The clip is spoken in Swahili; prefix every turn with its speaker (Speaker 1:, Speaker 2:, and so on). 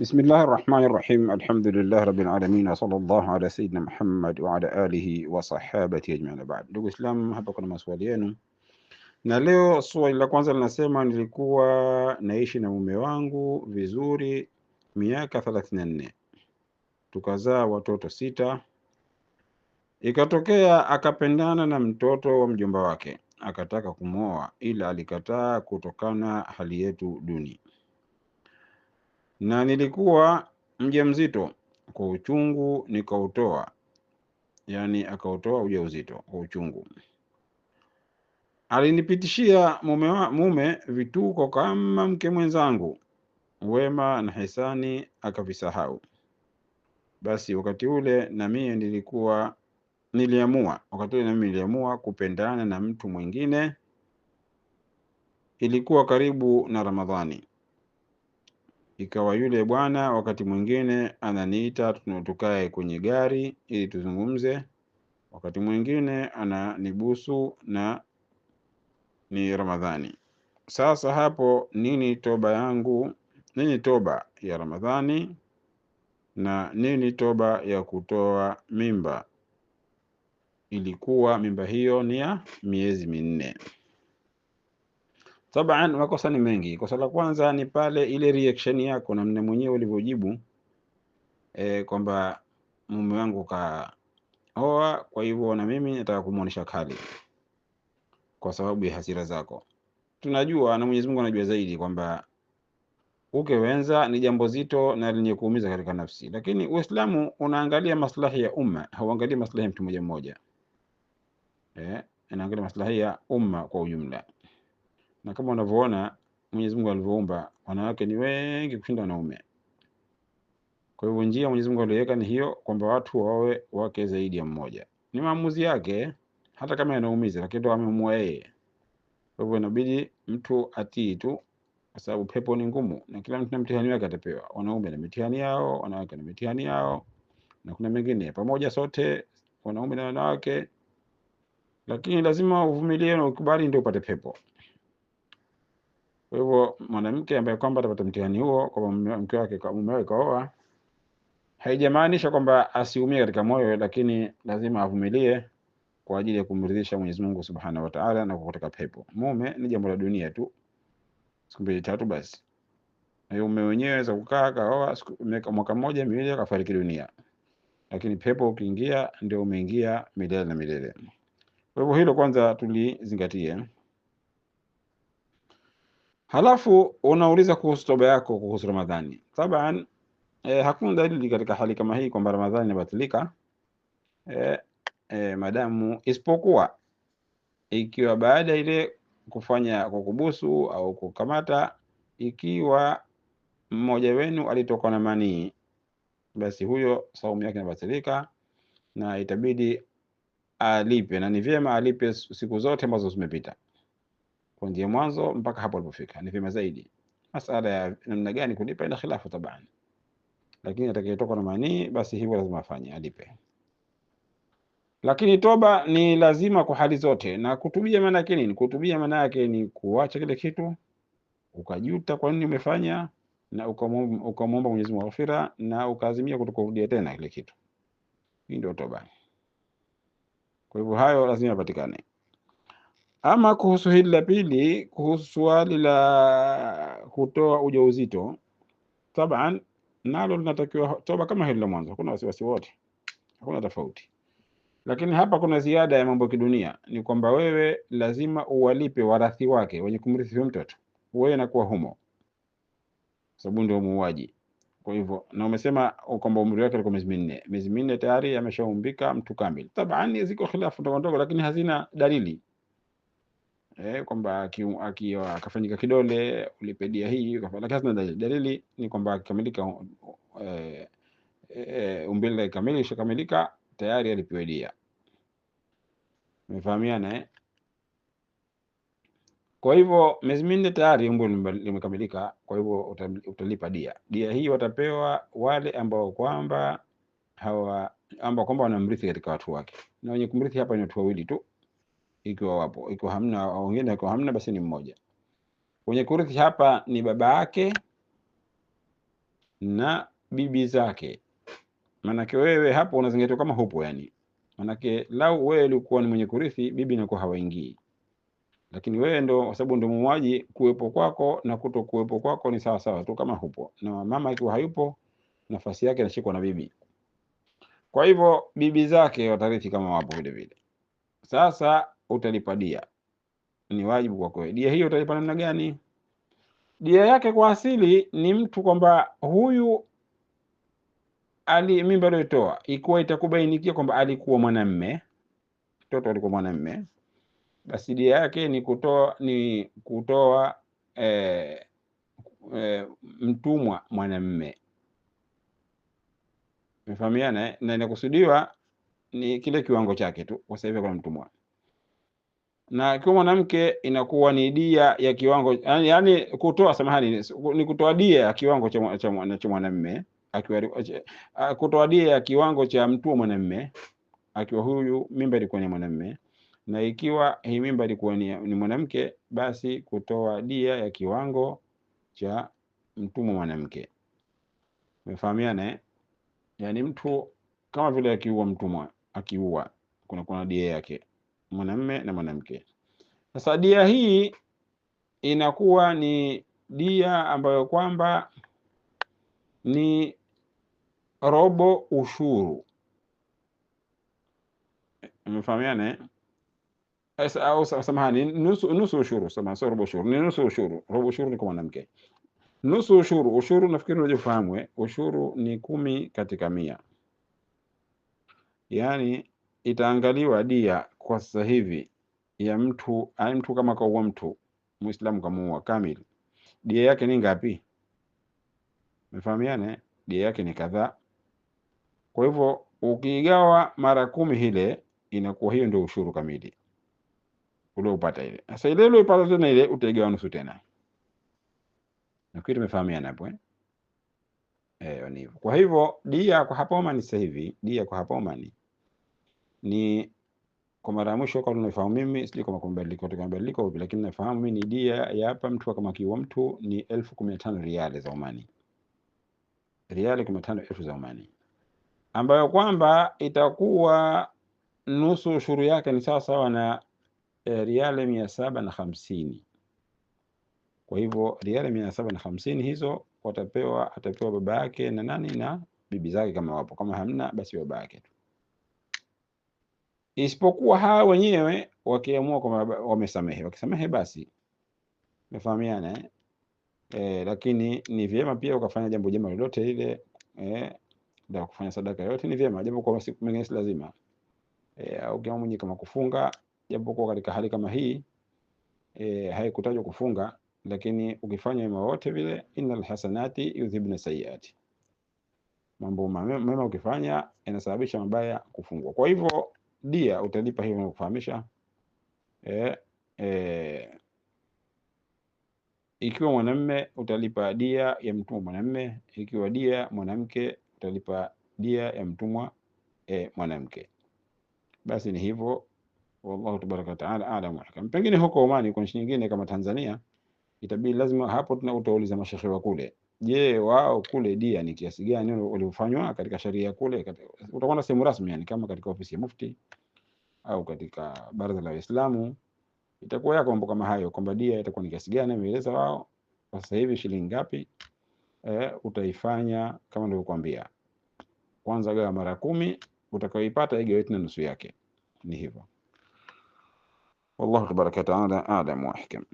Speaker 1: بسم الله الرحمن الرحيم الحمد لله رب العالمين وصلى الله على سيدنا Muhammad wa ala alihi wa sahabati ajmain baad. Ndugu Islam, hapa kuna maswali yenu, na leo swali la kwanza linasema, nilikuwa naishi na mume wangu vizuri miaka thelathini na nne tukazaa watoto sita. Ikatokea akapendana na mtoto wa mjomba wake, akataka kumwoa, ila alikataa kutokana hali yetu duni na nilikuwa mzito kwa uchungu nikautoa, yani akautoa ujauzito kwa uchungu. Alinipitishia mume, wa, mume vituko kama mke mwenzangu, wema na hisani akavisahau. Basi wakati ule na mie nilikuwa niliamua, wakati ule mimi niliamua kupendana na mtu mwingine. Ilikuwa karibu na Ramadhani ikawa yule bwana wakati mwingine ananiita tukae kwenye gari ili tuzungumze, wakati mwingine ananibusu na ni Ramadhani. Sasa hapo nini toba yangu? Nini toba ya Ramadhani na nini toba ya kutoa mimba? Ilikuwa mimba hiyo ni ya miezi minne. Taban, makosa ni mengi. Kosa la kwanza ni pale ile reaction yako namna mwenyewe ulivyojibu e, kwamba mume wangu kaoa, kwa hivyo na mimi nataka kumuonesha kali kwa sababu ya hasira zako. Tunajua na Mwenyezi Mungu anajua zaidi kwamba uke wenza ni jambo zito na lenye kuumiza katika nafsi, lakini Uislamu unaangalia maslahi ya umma, hauangalii maslahi ya mtu mmoja mmoja, eh, anaangalia maslahi ya umma kwa ujumla na kama unavyoona Mwenyezi Mungu alivyoumba wanawake ni wengi kushinda wanaume. Kwa hivyo njia Mwenyezi Mungu aliweka ni hiyo, kwamba watu wawe wake zaidi ya mmoja. Ni maamuzi yake, hata kama yanaumiza, lakini ndo ameamua yeye. Kwa hivyo inabidi mtu atii tu, kwa sababu pepo ni ngumu, na kila mtu na mtihani wake atapewa. Wanaume na mitihani yao, wanawake na mitihani yao, na kuna mengine pamoja, sote wanaume na wanawake, lakini lazima uvumilie na ukubali, ndio upate pepo. Kwa hivyo mwanamke ambaye kwamba atapata mtihani huo kwa mke wake kwa mume wake kaoa, haijamaanisha kwamba asiumie katika moyo, lakini lazima avumilie kwa ajili ya kumridhisha Mwenyezi Mungu Subhanahu wa Ta'ala na kukutaka pepo. Mume ni jambo la dunia tu, siku mbili tatu basi. Na mume wenyewe anaweza kukaa kaoa mwaka mmoja miwili, akafariki dunia, lakini pepo ukiingia ndio umeingia milele na milele. Kwa hivyo hilo kwanza tulizingatie. Halafu unauliza kuhusu toba yako kuhusu Ramadhani. Taban eh, hakuna dalili katika hali kama hii kwamba Ramadhani inabatilika eh, eh, madamu isipokuwa ikiwa baada ile kufanya kwa kubusu au kukamata, ikiwa mmoja wenu alitoka na manii, basi huyo saumu yake inabatilika na itabidi alipe, na ni vyema alipe siku zote ambazo zimepita kuanzia mwanzo mpaka hapo alipofika ni vyema zaidi. Masala ya namna gani kulipa ina khilafu taban lakini atakayetoka na manii basi hivyo lazima afanye alipe. Lakini toba ni lazima kwa hali zote. Na kutubia maana yake nini? Kutubia maana yake ni kuacha kile kitu ukajuta kwa nini umefanya, na ukamwomba Mwenyezi Mungu ghafira na ukaazimia kutokurudia tena kile kitu. Hii ndio toba. Kwa hivyo hayo lazima yapatikane. Ama kuhusu hili la pili, kuhusu swali la kutoa ujauzito, taban nalo linatakiwa toba kama hili la mwanzo, hakuna wasiwasi wote, hakuna tofauti. Lakini hapa kuna ziada ya mambo kidunia, ni kwamba wewe lazima uwalipe warathi wake wenye kumrithi huyo mtoto, wewe inakuwa humo, sababu ndio muuaji. Kwa hivyo na umesema kwamba umri wake alikuwa miezi minne, miezi minne tayari ameshaumbika mtu kamili. Taban ziko khilafu ndogo ndogo, lakini hazina dalili eh, kwamba akafanyika kidole ulipe dia hii, lakini hasina dalili. ni kwamba akikamilika eh, eh, umbile kamili ishakamilika tayari alipiwe dia. Umefahamiana eh? Kwa hivyo miezi minne tayari umbo limekamilika, kwa hivyo utalipa dia. Dia hii watapewa wale ambao kwamba hawa ambao kwamba wanamrithi katika watu wake, na wenye kumrithi hapa ni watu wawili tu ikiwa wapo, ikiwa hamna wengine, iko hamna basi ni mmoja. Wenye kurithi hapa ni baba yake na bibi zake. Maanake wewe hapo unazingatiwa kama hupo, yani maanake lau wewe ulikuwa ni mwenye kurithi, bibi inakuwa hawaingii, lakini wewe ndo, kwa sababu ndo muuaji, kuwepo kwako na kuto kuwepo kwako ni sawa sawa tu kama hupo. Na mama ikiwa hayupo, nafasi yake inashikwa na bibi. Kwa hivyo bibi zake watarithi kama wapo vile vile. Sasa utalipa dia, ni wajibu kwako. Dia hiyo utalipa namna gani? Dia yake kwa asili ni mtu kwamba huyu ali mimba aliyotoa, ikiwa itakubainikia kwamba alikuwa mwanamme, mtoto alikuwa mwanamme, basi dia yake ni kutoa ni kutoa e, e, mtumwa mwanamme mefahamiana, na inakusudiwa ni kile kiwango chake tu. Kwa sababu kuna mtumwa na akiwa mwanamke inakuwa ni dia ya kiwango yani, kutoa samahani, ni kutoa dia ya kiwango cha cha mwanamume akiwa kutoa dia ya kiwango cha mtu wa mwanamume akiwa huyu mimba ilikuwa ni mwanamume, na ikiwa hii mimba ilikuwa ni, ni mwanamke, basi kutoa dia ya kiwango cha mtumwa mwanamke. Umefahamiana? Eh? Yani mtu kama vile akiua mtumwa, akiua kuna kuna dia yake mwanamme na mwanamke. Sasa dia hii inakuwa ni dia ambayo kwamba ni robo ushuru, mfahamiane au samahani, nusu nusu ushuru, samahani, sio robo ushuru, ni nusu ushuru. Robo ushuru ni kwa mwanamke, nusu ushuru. Ushuru nafikiri eh, ushuru ni kumi katika mia, yaani itaangaliwa dia kwa sasa hivi ya mtu ai mtu kama kaua mtu Muislamu kamuua kamili, dia yake ni ngapi? Mefahamiane, dia yake ni kadhaa. Kwa hivyo ukiigawa mara kumi ile inakuwa hiyo ndio ushuru kamili ulioupata ile. Sasa ile ulioipata tena ile utaigawa nusu tena, na kitu tumefahamiana hapo eh? Eh, kwa hivyo dia kwa hapa Omani sasa hivi dia kwa hapa Omani ni kwa mara ya mwisho kwa naifahamu mimi, sijui kama kumebadilika kutoka mabadiliko vipi, lakini nafahamu mimi ni dia ya hapa mtu kama kiwa mtu ni elfu kumi na tano riali za Omani, riali kumi na tano elfu za Omani, ambayo kwamba itakuwa nusu ushuru yake ni sawasawa na e, eh, riali mia saba na hamsini. Kwa hivyo riali mia saba na hamsini hizo watapewa, atapewa baba yake na nani na bibi zake, kama wapo. Kama hamna basi baba yake tu isipokuwa hawa wenyewe wakiamua kwamba wamesamehe, wakisamehe basi mefahamiana eh? Eh, lakini ni vyema pia ukafanya jambo jema lolote lile eh, la kufanya sadaka yote ni vyema, japo kwa siku mengine si lazima eh, au kama mwenye kama kufunga, japo kwa katika hali kama hii eh, haikutajwa kufunga, lakini ukifanya mema wote vile, innal hasanati yudhibna sayiati, mambo mema ukifanya yanasababisha mabaya kufungwa, kwa hivyo dia utalipa hiyo nikufahamisha. eh, eh, ikiwa mwanamme utalipa dia ya mtumwa mwanamme, ikiwa dia mwanamke utalipa dia ya mtumwa e, mwanamke. Basi ni hivyo, wallahu tabaraka wataala alam wahakam. Pengine huko Omani, kwa nchi nyingine kama Tanzania, itabidi lazima hapo tuna utauliza mashekhe wa kule je, wao kule dia ni kiasi gani waliofanywa katika sharia kule Utakwenda utakuwa na sehemu rasmi yani kama katika ofisi ya mufti au katika baraza la Waislamu itakuwa yako mambo kama hayo, kwamba dia itakuwa ni kiasi gani ameeleza wao sasa hivi shilingi ngapi. E, utaifanya kama nilivyokuambia, kwanza gawa mara kumi, utakayoipata igawe tena nusu yake. Ni hivyo. Wallahu tabaraka taala alam wa ahkam.